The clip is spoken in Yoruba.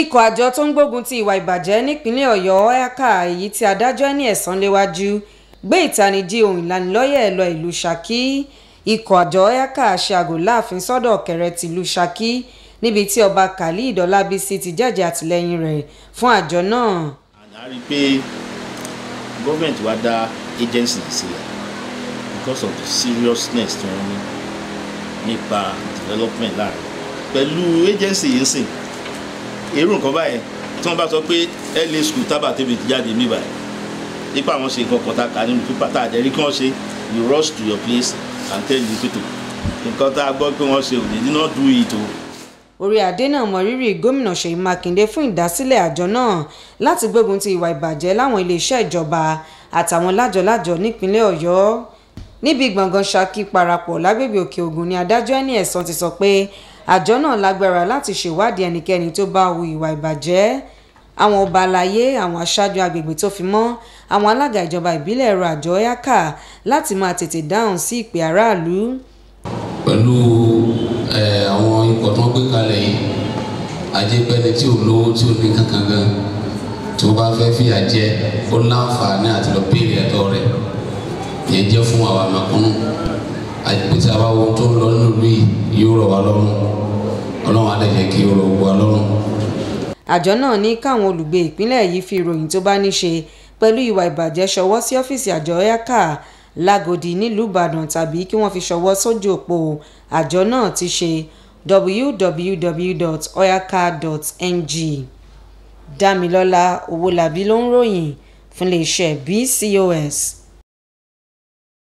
ikọ̀ àjọ tó ń gbógun ti ìwà ìbàjẹ́ nípínlẹ̀ ọ̀yọ́ ẹ̀ka èyí tí adájọ́ ẹni ẹ̀sán léwájú gbé ìtanijí ohun ìlanilọ́yẹ̀ lọ ìlú ṣákí ikọ̀ àjọ ẹ̀ka ṣe àgò láàfin sọ́dọ̀ ọ̀kẹrẹ tìlú ṣákí níbi tí ọba khalid ọlábísí ti jẹ́jẹ́ àtìlẹ́yìn rẹ̀ fún àjọ náà. àná rí i pé gọ́ọ̀mẹ̀ntì wa dá agency sílẹ̀ because of the seriousness tí wọ́n ní nípa development láàrin pẹ̀lú agency yìí sìn irú nǹkan báyẹn tí wọ́n bá sọ pé la school tábà tèmi ti jáde mí báyìí nípa àwọn ṣe nǹkan kan tá a nínú pípa tá a jẹ́ rí kí wọ́n ṣe you rush to your place and tell the people nǹkan tá a gbọ́ pé wọ́n ṣe ò ní du ìtò orí adé náà mọrírì gómìnà ṣèyí mákindé fún ìdásílẹ̀ àjọ náà láti gbógun ti ìwà ìbàjẹ́ láwọn iléeṣẹ́ ìjọba àtàwọn lájọlájọ nípínlẹ̀ ọ̀yọ́ níbi gbọ̀ngàn ṣakí parapọ̀ lágbègbè òkè ògùn ni adájọ́ ẹni ẹ̀sán ti sọ pé àjọ náà lágbára láti ṣèwádìí ẹnikẹ́ni tó bá hu ìwà ìbàjẹ́ àwọn ọba aláyé àwọn aṣáájú agbègbè tó fi mọ́ àwọn alága ìjọba ìbílẹ̀ ẹ̀rọ àjọ yákà láti máa tètè dáhùn sí ìpè aráàlú. pẹ̀lú àwọn ikọ̀ tó ń gbé kalẹ̀ yìí ajẹ́pẹ́ni tí ò lówó tí ò ní kankan gan tó bá fẹ́ fìyà jẹ ó láǹfààní àti lọ béèrè ẹ̀tọ́ rẹ̀ yẹn jẹ́ fún àwa màkúnnù àti pé tí a bá wo tó ń lọ nínú ìlú yìí yóò rọ̀ wá lọ́rùn ọlọ́run á lè jẹ́ kí ó rọ̀ wá lọ́rùn. àjọ náà ní káwọn olùgbé ìpínlẹ̀ yìí fi ìròyìn tó bá ní ṣe pẹ̀lú ìwà ìbàjẹ́ ṣọwọ́ sí ọ́fíìsì àjọ yaka lágòdì nílùú ìbàdàn tàbí kí wọ́n fi ṣọwọ́ sójú òpó àjọ náà ti ṣe www.oyaka.ng dámilọ́lá owólabí ló ń ròyìn fún iléeṣẹ́ bcos.